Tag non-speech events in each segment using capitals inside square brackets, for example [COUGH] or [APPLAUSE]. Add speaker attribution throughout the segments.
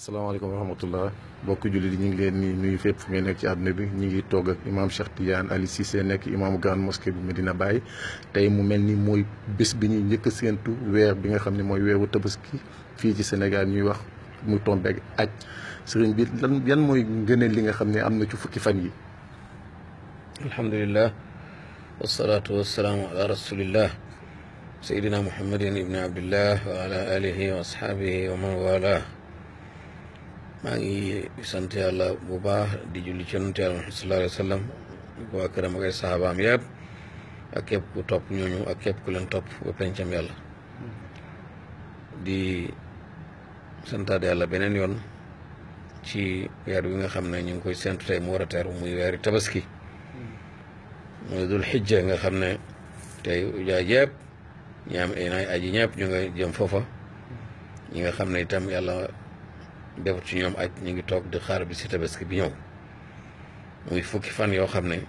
Speaker 1: السلام عليكم ورحمة الله بوكو جولي نيغي لين نوي فيب فمي نيك سي ادنا بي نيغي توغ امام شيخ تيان علي سيسي نيك امام غان موسكي بي مدينه باي تاي مو ملني موي بيس بي ني نيك سنتو وير بيغا خامني موي ويرو تبسكي في سي سنغال نيي واخ مو تومبيك اج سيرين بي لان يان موي غنه ليغا خامني امنا تشو فكي فاني الحمد لله والصلاة والسلام على رسول الله سيدنا محمد بن عبد الله وعلى آله وأصحابه ومن والاه mangi sante yalla bu baax di julli ci nante yalla sallallahu alaihi wasallam sallam ko waa ak sahabaam yeb ak kep ku top ñooñu ak kep ku leen top ba pencam yalla di de yalla benen yoon ci weer bi nga xamne ñu ngi koy séntu tay mo war a teeru muy weeri tabaski mooy dul hijja nga xamne tay ya tey yeb ñam ñi am aji ñëpp ñu nga jëm fofa ñi nga xamne tam yalla defar ci ñoom ak ñu ngi toog di xaar bi si tabaski bi ñëw muy fukki fan yoo xam ne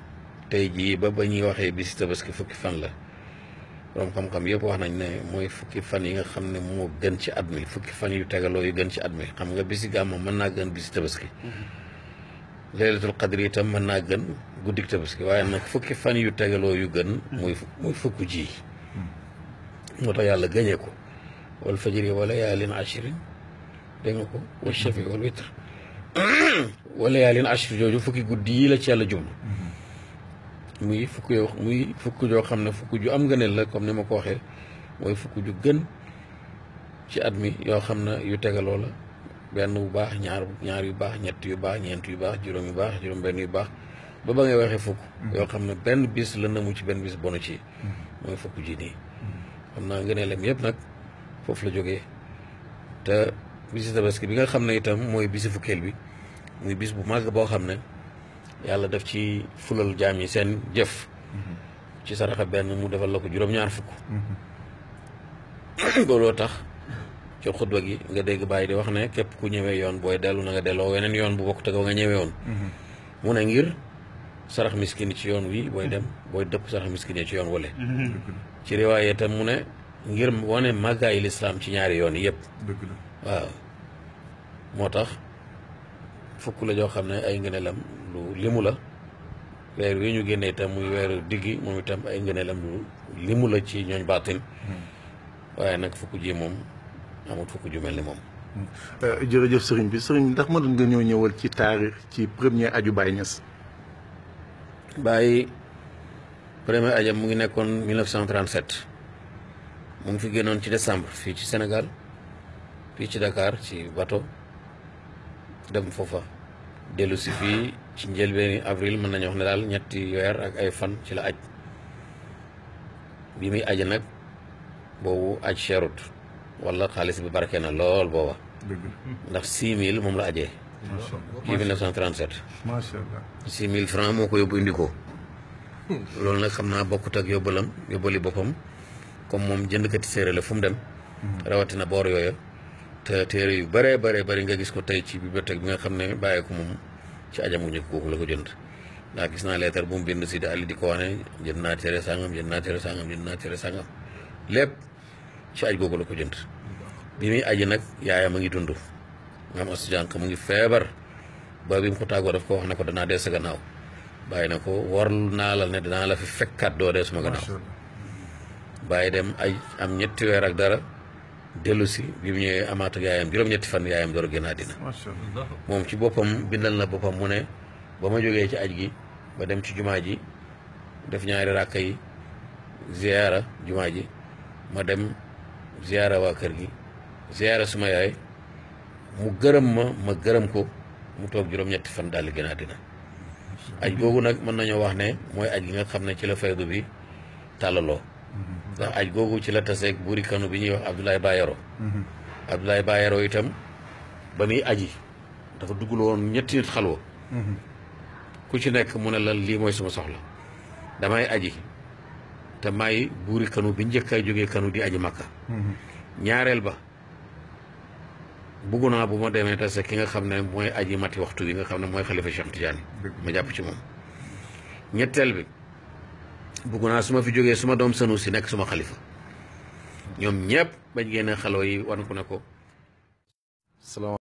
Speaker 1: tey jii ba ba ñuy waxee bi si tabaski fukki fan la borom xam-xam yëpp wax nañ ne mooy fukki fan yi nga xam ne moo gën ci at mi fukki fan yu tegaloo yu gën ci at mi xam nga bisi gàmmu mën naa gën bisi tabaski mm-hmm. laylatul qadri itam mën naa gën guddik tabaski waaye nag fukki fan yu tegaloo yu gën mm-hmm. muy fukk ji mm-hmm. moo tax yàlla gëñee ko wal fajri wala yaalin ashirin dégg nga ko wa shafi wal witr wala yaa leen ashri jooju fukki guddi yii la ci yàlla jum muy fukk yoo muy fukk joo xam ne fukk ju am ngëneel la comme ni ma ko waxee mooy fukk ju gën ci at mi yoo xam ne yu tegaloo la benn bu baax ñaar ñaar yu baax ñett yu baax ñeent yu baax juróom yu baax juróom benn yu baax ba ba ngay waxee fukk mm-hmm. yoo xam ne benn bis la namu ci benn bis bonu ci mm-hmm. mooy fukk ji nii mm-hmm. xam naa ngëneelam yëpp nag foofu la jógee te bisu tabaski bi nga xam ne itam mooy bisu fukkeel bi muy bis bu màgg boo xam ne yàlla def ci fulal jaam yi seen jëf mm-hmm. ci saraxa benn mu defal la ko juróom-ñaar fukk mm-hmm. [COUGHS] looloo tax ci xutba gi nga dégg bàyyi di wax ne képp ku ñëwee yoon booy dellu na nga delloo weneen yoon bu bokk te nga ñëwee woon mm-hmm. mu ne ngir sarax miskin ci yoon wi booy dem booy dëpp sarax miskin ci yoon wale ci riwaaye itam mu ne ngir wane yi lislaam ci ñaari yoon yëpp. dëgg la waaw moo tax fukk la joo xam ne ay ngëneelam lu limu la weer wi ñu génnee itam muy weeru diggi moom itam ay ngëneelam lu limu la ci ñooñ baatin hmm. waaye nag fukk ji moom amut fukk ju mel ni moom. Hmm. Euh, jërëjëf sëriñ bi sëriñ ndax ma doon nga ñëw ñëwal ci taarix ci premier aju Baye Niass. Baye premier ajam mu ngi nekkoon 1937. mu ngi fi génnoon ci décembre fii ci Sénégal fii ci Dakar ci bato dem foofa dellu si fii ci njëlbeeni avril mën nañu wax ne daal ñetti weer ak ay fan ci la aj bi muy aje nag boobu aj cherut wala xaalis bi barke na lool booba ndax six mille moom la ajee ci 1937 allah six mille francs moo ko yóbbu indi ko [LAUGHS] loolu nag xam naa bokkut ak yóbbalam yóbbali boppam comme moom jëndkati séeréer la fu mu dem na bor yooyu té téré yu bare bare bari nga gis ko tay ci bibliothèque bi nga xamné ne bàyyi ko moom ci ajam ñu ko la ko jënd da gis na lettre bu mu bind ci dal di ko wone jënd na téré sangam jënd na téré sangam jënd na téré sangam lepp ci aj gogol ko jënd bi mi aji nak yaaya ma ngi dund maam ko mu ngi feebar ba bi mu ko tagu daf ko wax ne ko gannaaw ko la ne dana la fi fekkat do dess ma gannaaw bàyyi dem ay am ñetti weer ak dara dellu si bi mu ñëwee amaat ak yaayam juróom-ñetti fan yaayam door a génn àddina moom ci boppam bindal na boppam mu ne ba ma jógee ci aj gi ba dem ci jumaa ji def ñaari ràkka yi ziyaara jumaa ji ma dem ziyaara waa kër gi ziyaara suma yaay mu gërëm ma ma gërëm ko mu toog juróom-ñetti fan daal di gën aj googu nag mën nañoo wax ne mooy aj gi nga xam ne ci la faydu bi tàllaloo ndax aj googu ci la taseeg buuri kanu bi ñuy wax Abdoulaye Bayero mhm. Abdoulaye Bayero itam ba muy aji dafa duggul woon ñetti nit xalwa mhm. ku ci nekk mu ne la lii mooy suma soxla damay aji te may buuri kanu bi njëkk a jógee kanu di aji makka mhm. ñaareel ba bugg naa bu ma demee tase ki nga xam ne mooy aji mati waxtu yi nga xam ne mooy xalifa Cheikh Tidiane ma jàpp ci moom ñetteel bi bugg naa su ma fi jógee suma doom sanu si nekk suma xalifa ñoom ñëpp bañ génne xaloo yi wan ko ne ko.